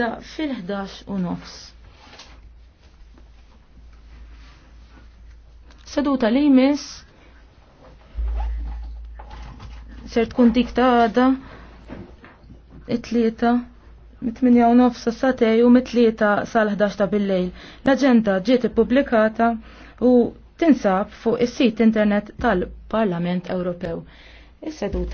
jibda fil-11 u nofs. Seduta li jmiss ser tkun dik ta' għada it-tlieta mit-8 u nofs satej u mit-tlieta sal-11 ta' bil-lejl. L-agenda ġiet ippubblikata u tinsab fuq is-sit internet tal-Parlament Ewropew. Is-seduta